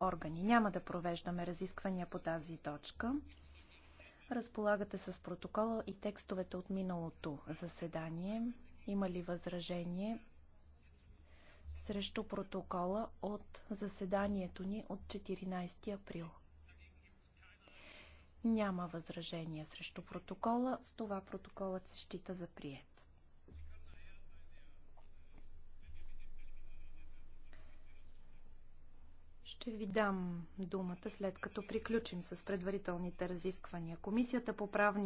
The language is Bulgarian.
органи. Няма да провеждаме разисквания по тази точка. Разполагате с протокола и текстовете от миналото заседание. Има ли възражение срещу протокола от заседанието ни от 14 април? Няма възражение срещу протокола. С това протоколът се счита за прият. Ще ви дам думата след като приключим с предварителните разисквания. Комисията по правни